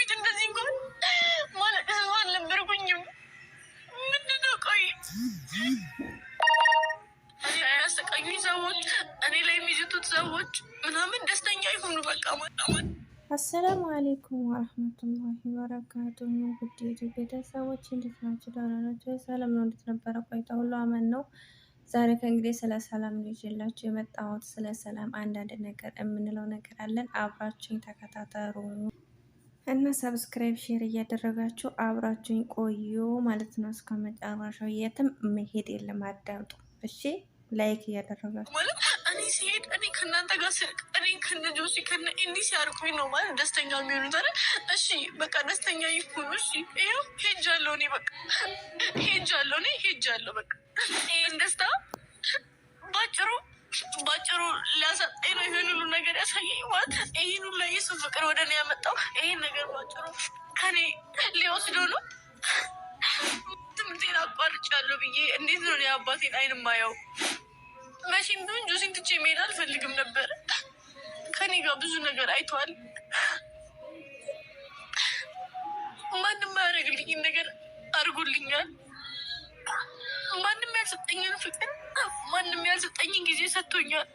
በፊት እንደዚህ እንኳን ማለቅስ አልነበርኩኝም። ምንድነው ቆይ ያሰቃዩኝ ሰዎች እኔ ላይ የሚዝቱት ሰዎች ምናምን ደስተኛ ይሁኑ በቃ ማጣማል አሰላሙ አሌይኩም ወረህመቱላሂ ወበረካቱ። ውድ ቤተሰቦች እንዴት ናችሁ? ደህና ናችሁ? ሰላም ነው? እንዴት ነበረ ቆይታ? ሁሉ አመን ነው። ዛሬ ከእንግዲህ ስለ ሰላም ልጅላችሁ የመጣሁት ስለ ሰላም አንዳንድ ነገር የምንለው ነገር አለን። እና ሰብስክራይብ ሼር እያደረጋችሁ አብራችሁኝ ቆዩ ማለት ነው። እስከ መጨረሻው የትም መሄድ የለም። አዳምጡ እሺ። ላይክ እያደረጋችሁ ማለት እኔ ሲሄድ እኔ ከእናንተ ጋር ስርቅ እኔ ከነጆ ከነ እንዲ ሲያርቁኝ ነው ማለት ደስተኛ የሚሆኑት አይደል? እሺ በቃ ደስተኛ ይሁኑ። እሺ ይኸው ሄጃለሁ እኔ በቃ ሄጃለሁ እኔ ሄጃለሁ በቃ ይህን ደስታ ባጭሩ ባጭሩ ሊያሳጣኝ ነው። ይህን ሁሉ ነገር ያሳየኝ ማለት ይህን ሁሉ የሱ ፍቅር ወደ እኔ ያመጣው ይህን ነገር ባጭሩ ከኔ ሊወስዶ ነው። ትምህርቴን አቋርጫለሁ ብዬ እንዴት ነው የአባቴን አይን ማየው? መቼም ቢሆን ጆሲን ትቼ መሄድ አልፈልግም ነበር። ከኔ ጋር ብዙ ነገር አይተዋል። ማንም አያደርግልኝን ነገር አድርጎልኛል። ማንም ያልሰጠኝን ፍቅር ማንም ያልሰጠኝ ጊዜ ሰጥቶኛል።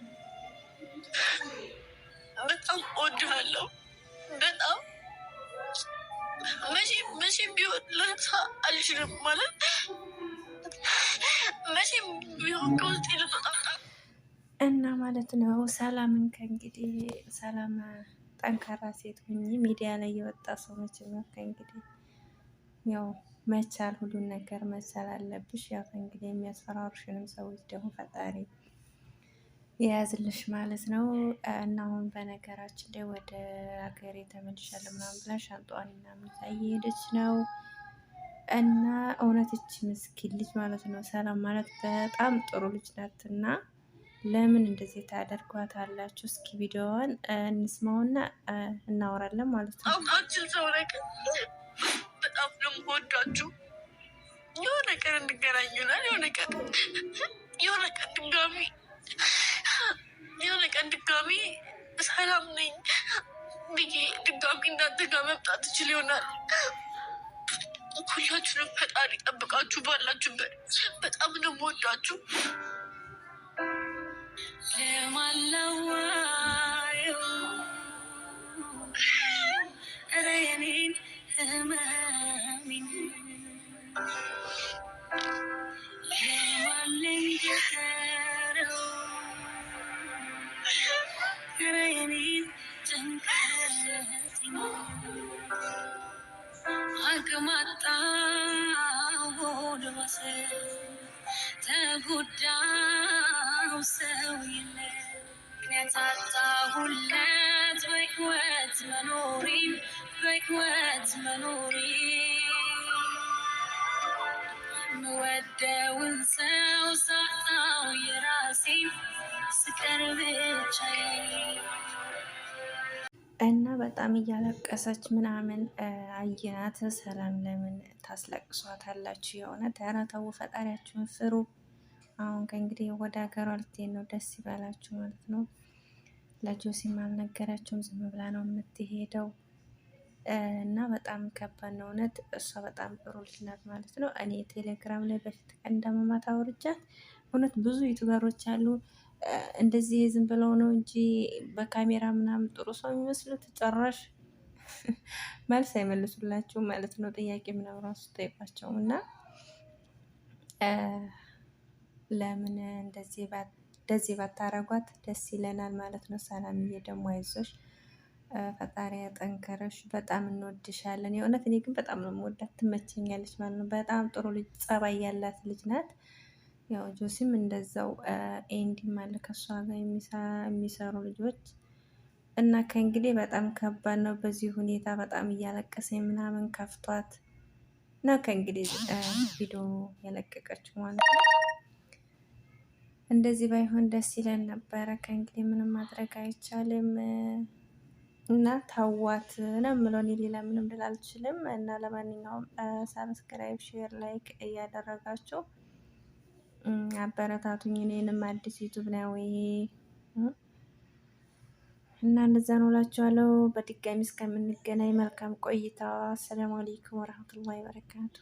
በጣም እወድሃለሁ። በጣም መቼም መቼም ቢሆን ልረሳ አልችልም ማለት መቼም ቢሆን ከውስጥ እና ማለት ነው። ሰላምን ከእንግዲህ ሰላም ጠንካራ ሴት ሁኚ። ሚዲያ ላይ የወጣ ሰው መቼም ከእንግዲህ ያው መቻል ሁሉን ነገር መቻል አለብሽ። ያው እንግዲህ የሚያስፈራሩሽንም ሰዎች ደግሞ ፈጣሪ የያዝልሽ ማለት ነው። እና አሁን በነገራችን ላይ ወደ ሀገሬ ተመልሻለሁ ምናምን ብላ ሻንጣዋን ምናምን እየሄደች ነው እና እውነትች ምስኪን ልጅ ማለት ነው። ሰላም ማለት በጣም ጥሩ ልጅ ናት። እና ለምን እንደዚህ ታደርጓት አላችሁ? እስኪ ቪዲዮዋን እንስማውና እናወራለን ማለት ነው። በጣም ነው የምወዳችሁ። የሆነ ቀን እንገናኝ ይሆናል። የሆነ ቀን የሆነ ቀን ድጋሚ የሆነ ቀን ድጋሚ ሰላም ነኝ ብዬ ድጋሚ እናንተ ጋር መምጣት እችል ይሆናል። ሁላችሁንም ፈጣሪ ጠብቃችሁ ባላችሁበት። በጣም ነው የምወዳችሁ። አቅማጣው ድረስ ተጎዳው ሰው የለ ምክንያት አጣሁለት በሕይወት መኖሪ በሕይወት መኖሪ የምወደውን ሰው ሳጣው የራሴ ስቀር ብቻዬ በጣም እያለቀሰች ምናምን አየናት። ሰላም ለምን ታስለቅሷታላችሁ? የእውነት ኧረ ተው፣ ፈጣሪያችሁን ፍሩ። አሁን ከእንግዲህ ወደ ሀገሯ ልትሄድ ነው። ደስ ይበላችሁ ማለት ነው። ለጆሲም አልነገራችሁም፣ ዝም ብላ ነው የምትሄደው እና በጣም ከባድ ነው እውነት። እሷ በጣም ጥሩ ልጅ ናት ማለት ነው። እኔ ቴሌግራም ላይ በፊት ቀን እንደመማት አውርጃት እውነት ብዙ ዩቱበሮች አሉ እንደዚህ ዝም ብለው ነው እንጂ በካሜራ ምናምን ጥሩ ሰው የሚመስሉት ጨራሽ መልስ አይመልሱላችሁ ማለት ነው። ጥያቄ ምናምን ራሱ ጠይቋቸው እና ለምን እንደዚህ ባታረጓት ደስ ይለናል ማለት ነው። ሰላምዬ ደግሞ አይዞሽ፣ ፈጣሪ ያጠንከረሽ፣ በጣም እንወድሻለን። የእውነት እኔ ግን በጣም ነው የምወዳት፣ ትመቸኛለች ማለት ነው። በጣም ጥሩ ልጅ፣ ጸባይ ያላት ልጅ ናት። ያው ጆሲም እንደዛው ኤንዲም አለ ከእሷ ጋር የሚሰሩ ልጆች እና ከእንግዲህ በጣም ከባድ ነው። በዚህ ሁኔታ በጣም እያለቀሰ ምናምን ከፍቷት ነው ከእንግዲህ ቪዲዮ የለቀቀችው ማለት ነው። እንደዚህ ባይሆን ደስ ይለን ነበረ። ከእንግዲህ ምንም ማድረግ አይቻልም እና ታዋት ነው ምለን የሌላ ምንም ልል አልችልም። እና ለማንኛውም ሰብስክራይብ፣ ሼር፣ ላይክ እያደረጋችሁ አበረታቱኝ። እኔንም አዲስ ዩቱብ ነው ይሄ እና እንደዛ ነው እላችኋለሁ። በድጋሚ እስከምንገናኝ መልካም ቆይታ። አሰላሙ አለይኩም ወረህመቱላሂ ወበረካቱ።